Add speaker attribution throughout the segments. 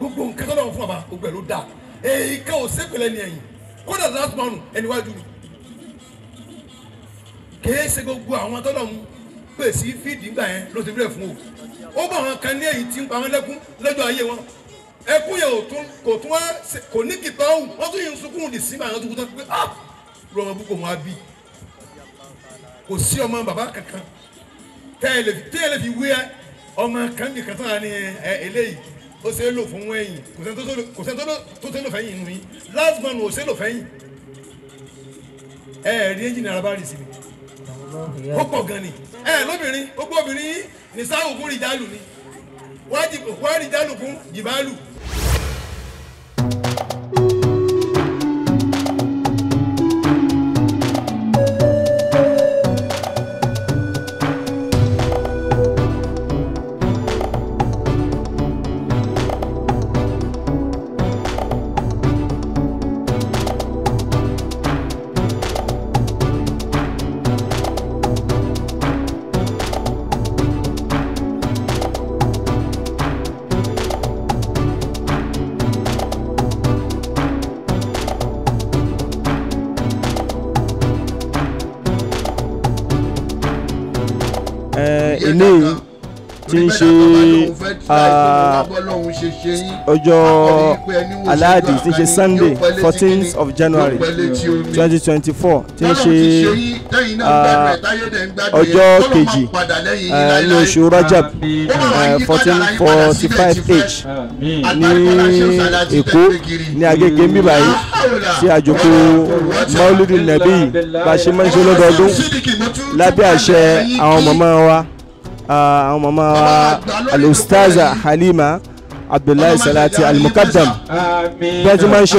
Speaker 1: gbogbo nǹkan tó lọ́wọ́ fún baba gbogbo ẹ̀ ló dáa èyí ká ò sépèlè ní ẹ̀yìn kódà last man ẹni wájú ni kèé ṣe gbogbo àwọn tó lọ́wọ́ pèsè fídì ńgbà yẹn ló ti bẹ̀rẹ̀ fún o ó bá àwọn kan ní èyí tí ń pa wọn lẹ́kún lọ́jọ́ ayé wọn ẹkún yẹn kò tún wá kò ní kìtọ́ ọ̀hún wọ́n tún yìí sunkún ní símà àwọn tó kú tó pé ah lọ́wọ́ púpọ̀ wọn á bì kò sí ọmọ bàbá kankan tẹ́ ẹ lè fi wé ọmọ kan nìkan tó wà ní eléyìí ó ṣe é lò fún ẹ̀yìn kò sẹ́ni tó ṣe é lò fẹ́yìn nù yín last man ò ṣe é lò fẹ́yìn ẹ ẹ rí ẹ́ńjìnì araba rì sí mi ó pọ̀ gan ni ẹ lóbìnrin ó gbọ́ obìnrin ní sáà òkú rìjálù ni wọ́n á kún jìbálù.
Speaker 2: Ah,
Speaker 1: ọjọ́ aláàdì tí ń ṣe sunday fourteenth of january
Speaker 2: twenty twenty four tí ń ṣe ah, ọjọ́ kejì ah, ní oṣù rajab fourteen forty five h ní èkó ní agége mbíbà yìí tí àjòkó mauludu nabi bá a ṣe máa ń ṣe lọ́dọọdún lábẹ́ àṣẹ àwọn mọ̀mọ́ wa àwọn mama wa alustaza halima abdullahi salati almukaddam bí wọ́n ti máa ń ṣe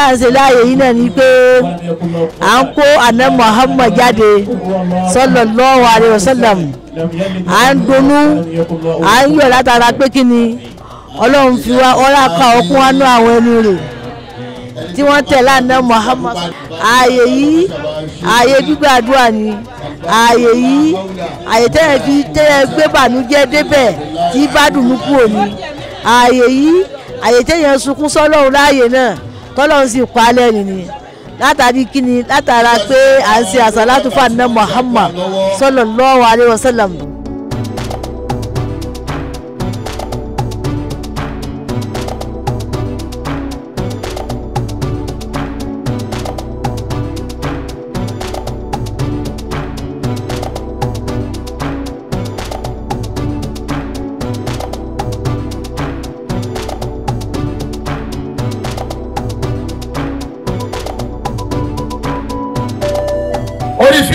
Speaker 2: tá à ń ṣe láàyè yìí náà ni pé à ń kó àná Muhammad jáde sallallahu alaihi wasallam à ń dunnú à ń yọ̀ látara pé kí ni ọlọ́run fi wá ọlá ka ọkún wá nú àwọn ẹni rẹ̀ tí wọ́n tẹ̀ lánà Muhammad ààyè yìí ààyè gbígbàdúrà ni ààyè yìí ààyè tẹ́lẹ̀ fi tẹ́lẹ̀ gbé bànújẹ́ débẹ̀ tí bá dùnú kúrò ni ààyè yìí ààyè tẹ́yẹ̀ sunkún sọ́lọ́run láàyè náà tọ́lọ́run sì pa á lẹ́rìn ni látàrí kíni látara pé à ń ṣe àṣàlátù fún àná Muhammad sallallahu alaihi wasallam.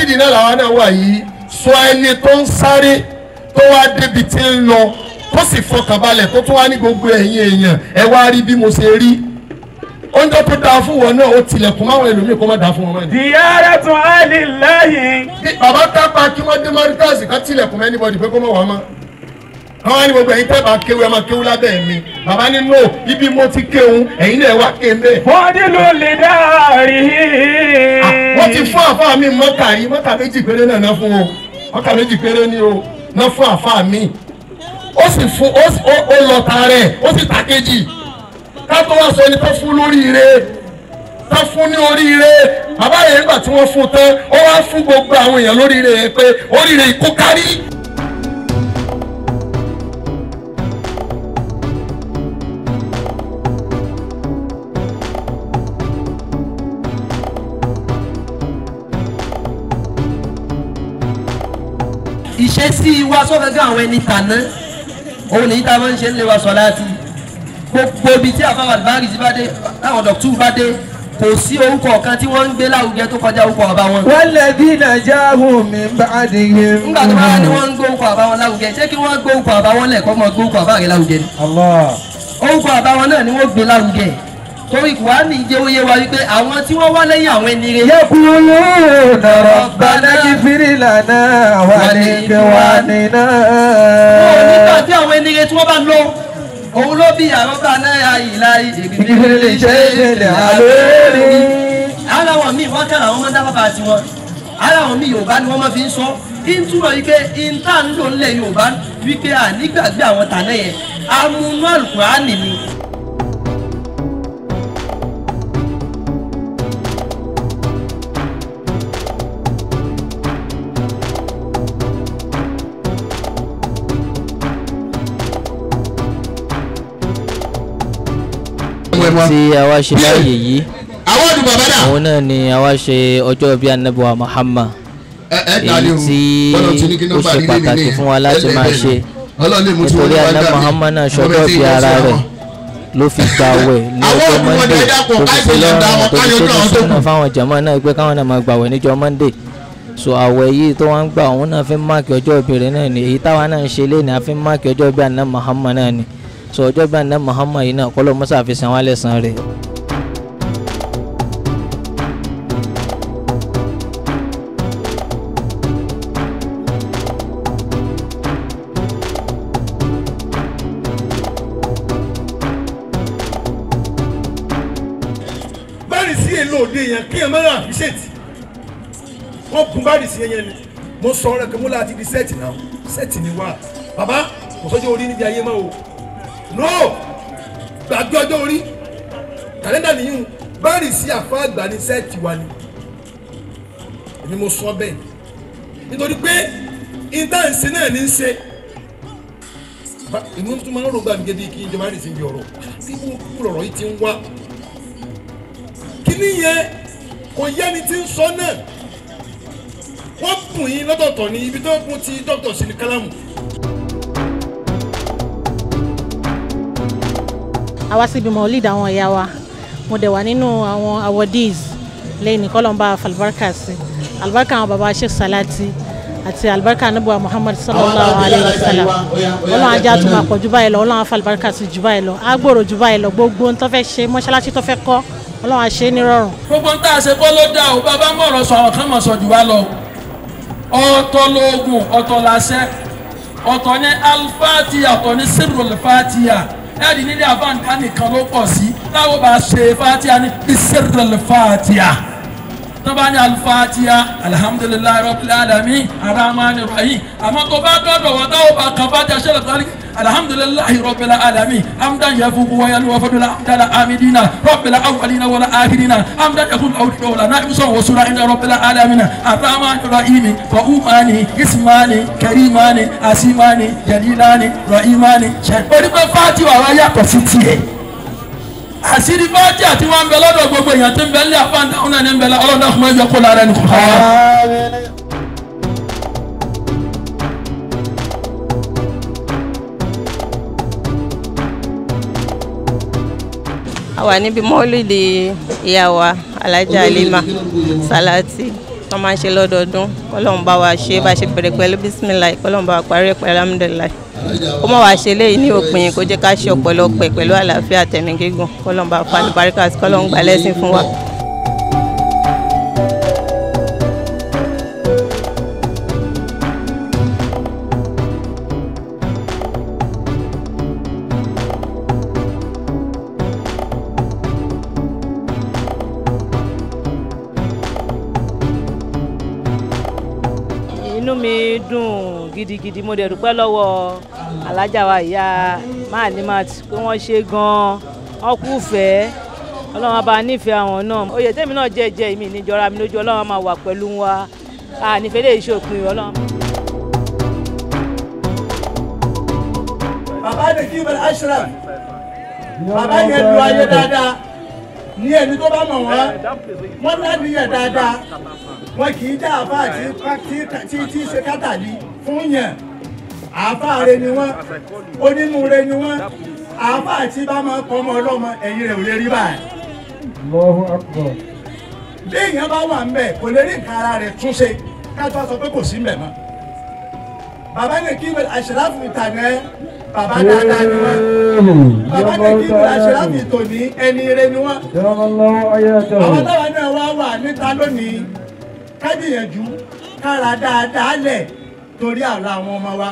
Speaker 1: nídìí náà làwa náà wà yìí sọ ẹni tó ń sáré tó wá débi tí ń lọ tó sì fọkàn balẹ̀ tó tún wá ní gbogbo ẹ̀yin èèyàn ẹ wá rí bí mo ṣe rí oúnjẹ tó dáa fún wọn náà ó tilẹ̀kùn máwọn ẹlòmíì kó má dáa fún wọn mọ́ni. ìyára tún á lè láyè. bàbá kápá kí wọ́n dé mọ́ríkàsì ká tilẹ̀kùn mẹ́nibọ́dì pé kó mọ̀ wá mọ́ àwọn àni gbogbo ẹ̀yin tẹ́ bá kéwu ẹ máa kéwu lábẹ́ mi bàbá ní no ibi mo ti kéwu ẹ̀yin náà wá ké mbẹ́. bọ́dí ló lè dárí. Ah, wọ́n ti fún àfa mi mọ́tà yìí mọ́tà méjì péré náà ná fún o mọ́tà méjì péré ni o ná fún àfa mi ó sì fún ó lọ tààrẹ̀ ó sì ta kejì ká wá sọ ẹni tó fún lóríire tán fún ní oríire bàbá yẹn nígbà tí wọ́n fún tán ó wá fún gbogbo àwọn èèyàn lóríire yẹn pé oríire ìkó ìṣesí
Speaker 2: wa sọ́fẹ́fẹ́ àwọn ẹni tàná òun nìyí tá a máa ń ṣe ń lé wa sọ láti gbogbo ibi tí àfáwọn àlùbáàrì ti bá dé táwọn dọ̀tú bá dé kò sí orúkọ kan tí wọ́n ń gbé láwùjẹ tó kọjá orúkọ bàbá wọn. wọ́n lè bí nàìjíríà hù mí bá a di yé. nígbà tó bá ní wọ́n ń gbé orúkọ bàbá wọn láwùjẹ ṣé kí wọ́n gbé orúkọ bàbá wọn lẹ̀ kọ́ mọ́ gbé orúkọ bàbá rẹ̀ láwùjẹ ni. orúkọ bàbá wọn náà ni wọ́n gbé láwùjẹ torí kùránì jẹ́ oyé wa wípé àwọn tí wọ́n wá lẹ́yìn àwọn ẹni rẹ̀. yẹ́kúlú dọ̀rọ̀ bàdákì fìrìlànà wà ní kẹwà nínà. wọn ò nígbà tí àwọn ẹni rẹ̀ tí wọ́n bá lọ òun ló bí àwọn bá náírà ìlà ìdèbìlì ṣe é lè àlórí. ara wọn míì wọn kára àwọn ọmọ dábàbà tiwọn ara wọn míì yorùbá ni wọn máa fi ń sọ ìtumọ̀ yìí pé ìta ń
Speaker 1: lò ńlẹ̀ yorùbá wípé à àwọn tàná
Speaker 2: àwọn tí a wá ṣe láàyè yìí àwọn náà ni a wá ṣe ọjọ́ bíi anabiwa Muhammad èyí tí
Speaker 1: ó ṣe pàtàkì fún wa
Speaker 2: láti máa ṣe nítorí anabi Muhammad náà ṣọjọ́ bíi ara rẹ̀ ló fi gba àwẹ̀ lọ́jọ́ Monday
Speaker 1: tó fi fi lọ́rùn tó fi tó
Speaker 2: fi sọ́nà fáwọn jàmáà náà pé káwọn náà máa gbàwẹ̀ níjọ́ Monday so àwẹ̀ yìí tó wá ń gbà òun náà fi máàkì ọjọ́ ìbí rẹ̀ náà ni èyí táwa náà ń ṣe lé ní a fi máàkì ọjọ́ ìbí àná Muhammad náà ni so ọjọ́ bá ní Muhammad yìí náà kọ́lọ́ mọ́sá fi san wálé san rẹ̀.
Speaker 1: báyìí sí èlò òde yẹn kí ẹ má rà àfíṣètì wọn kun báyìí sí yẹn ni mo sọ ọ̀rẹ́ kí mo láti di sẹẹtì náà sẹẹtì ni wá bàbá kò sọjọ orí níbi ayé mọ o no gbàgbé ọjọ́ orí kàlẹ́ndà nìyí báàrì sí àfa àgbà ní sẹ́ẹ̀tì wa ni èmi mo sọ bẹ́ẹ̀ nítorí pé intanse náà ní í ṣe inú tún máa ń rògbà mi gidi kí n jẹ báàrì sí ibi ọ̀rọ̀ tí kúkú lọ̀rọ̀ yìí ti ń wá kí nìyẹn kò yẹni tí ń sọ náà wọ́n bùn yín lọ́tọ̀ọ̀tọ̀ ní ibi tó kún ti dókítà sí
Speaker 2: àwa sì bímọ lead àwọn ẹ̀yà wa mo dẹ̀ wà nínú àwọn awardees lẹ́yìn kọ́lọ́mbà àlùbáríkà sí àlùbáríkà àwọn baba sheikh salati àti àlùbáríkà anábùwà muhammad sallallahu
Speaker 1: alayhi wa sallam ọlọ́run ajá tó máa
Speaker 2: pọ̀ jù báyìí lọ ọlọ́run afa àlùbáríkà sí jù báyìí lọ agbòrò jù báyìí lọ gbogbo ń tó fẹ́ ṣe mọ́ṣáláṣí tó fẹ́ kọ́ ọlọ́run á ṣe é nírọ̀rùn.
Speaker 1: gbogbo ń tà ṣe kọ́ ló dà ó bàbá mọ̀rọ̀ sọ̀rọ̀ kán mọ̀ sọ jù wá lọ ọ̀tọ̀ lóògùn ọ̀tọ̀ làṣẹ ọ̀tọ̀ ní alifáàtìyà ọ̀tọ̀ ní sírùlfáàtìyà ẹ̀ẹ́dì nílé àbáǹdá nìkan ló pọ̀ sí láwọn bá ṣe fatiha ní bisiril fatiha tọ́ba ní alifatiha alhamdulilayi rabbil alamin aramani rahim àmọ́ tó bá dọ́dọ̀ wọ́n táwọn bá kan fatiha ṣẹlẹ̀ tó kálí alhamdulilayi rabbil alamin amdan yafuku wayalu wafadula amdala amidina rabbil awalina wala ahirina amdan yakun awudu wala na ibusan wasura inda rabbil alamin aramani rahim fa umani ismani karimani asimani jalilani rahimani shari. onígbà fatiha yàtọ̀ sí tiẹ̀. àṣírí fáájì àti wọn bẹ lọ́dọ̀ gbogbo èèyàn tí ń bẹ nílé àfáàndà ọ̀nà ní ń bẹ lọ́dọ̀ ọlọ́dọ̀ ọkùnrin yọ kó lára ẹni
Speaker 2: a wà níbi mọ́lìdì ìyá wa alájà Halima Salati wọ́n máa ń ṣe lọ́dọọdún kọ́lọ́n wa ṣe bá ṣe bẹ̀rẹ̀ pẹ̀lú bísímìlà kọ́lọ́n wa parí ẹ̀ pẹ̀lú alhamdulilayi kó mọ̀ wá ṣe léyìí ní òpin kó jẹ́ ká ṣe ọ̀pọ̀lọpọ̀ pẹ̀lú àlàáfíà tẹ̀mí gígùn kọ́lọ́mbà fún àlùbáríkà àti kọ́lọ́ngbà lẹ́sìn fún wa. inú mi dùn gidigidi mo dẹ̀ dúpẹ́ lọ́wọ́ alájà ìyá máa pé wọ́n ṣe gan-an wọ́n ọlọ́run bá nífẹ̀ẹ́ àwọn náà oyè tèmi náà jẹ́ jẹ́ ìmí mi lójú ọlọ́run máa wà pẹ̀lú wa a nífẹ̀ẹ́ lè ṣe òpin ọlọ́run.
Speaker 1: bàbá mi kí ibẹ̀rẹ̀ ashraf bàbá yẹn lu ayé dáadáa ní ẹni tó bá mọ̀ wọ́n wọ́n lánìyàn dáadáa wọ́n kì í dá àbá àti tí ṣe kátàlí fún yẹn àáfàá ni wọ́n onímúre ni wọ́n àáfàá tí bá máa kọ́ ọmọ ọlọ́mọ ẹ̀yìn rẹ̀ ò lè rí báyìí. bí èèyàn bá wà ńbẹ̀ kò lè rí nǹkan ara rẹ̀ túnṣe ká tó sọ pé kò sí ńbẹ̀ mọ́. bàbá ní kí àṣìláfù ìtànà bàbá dáadáa ni wọ́n bàbá ní kí àṣìláfù ìtòní ẹni ire ni wọ́n. àwọn táwọn náà wá wà níta lónìí ká kára dáadáa lẹ̀ torí àwọn ọmọ wa.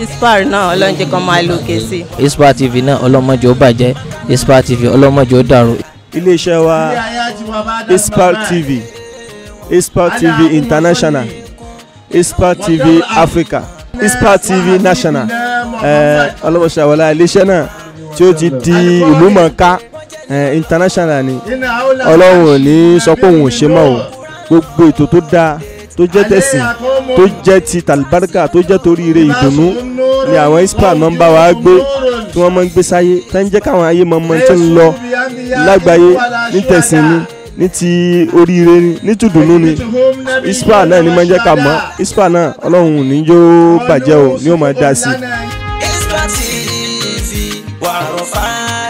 Speaker 1: ISPAR náà ọlọ́njẹ́ kan máa lo kèsì.
Speaker 2: ISPAR TV náà ọlọ́mọdé ó bàjẹ́ ISPAR TV ọlọ́mọdé ó dàrú. iléeṣẹ́ wa
Speaker 1: ISPAR TV
Speaker 2: ISPAR TV International ISPAR TV Africa ISPAR TV National eh, ọlọ́mọṣẹ́ àwọlá iléeṣẹ́ náà tí ó ti di ìlú eh, international ni ọlọ́run ò ní sọ pé òun ò ṣe mọ́ o gbogbo ètò tó dáa tó jẹ́ tẹ̀sìn tó jẹ́ ti tàlùbáríkà tó jẹ́ toríire ìdùnnú ni àwọn ispa máa ń bá wa gbé tí wọ́n máa ń gbé sáyé tá ń jẹ́ káwọn ayé máa mọ tí ń lọ
Speaker 1: lágbàáyé ní tẹ̀sìn ni ní ti oríire ni ní tùdùnnú ni ispa náà ni máa ń jẹ́ ká mọ̀ ispa náà ọlọ́run ní yóò bàjẹ́ o ni ó máa dá sí i.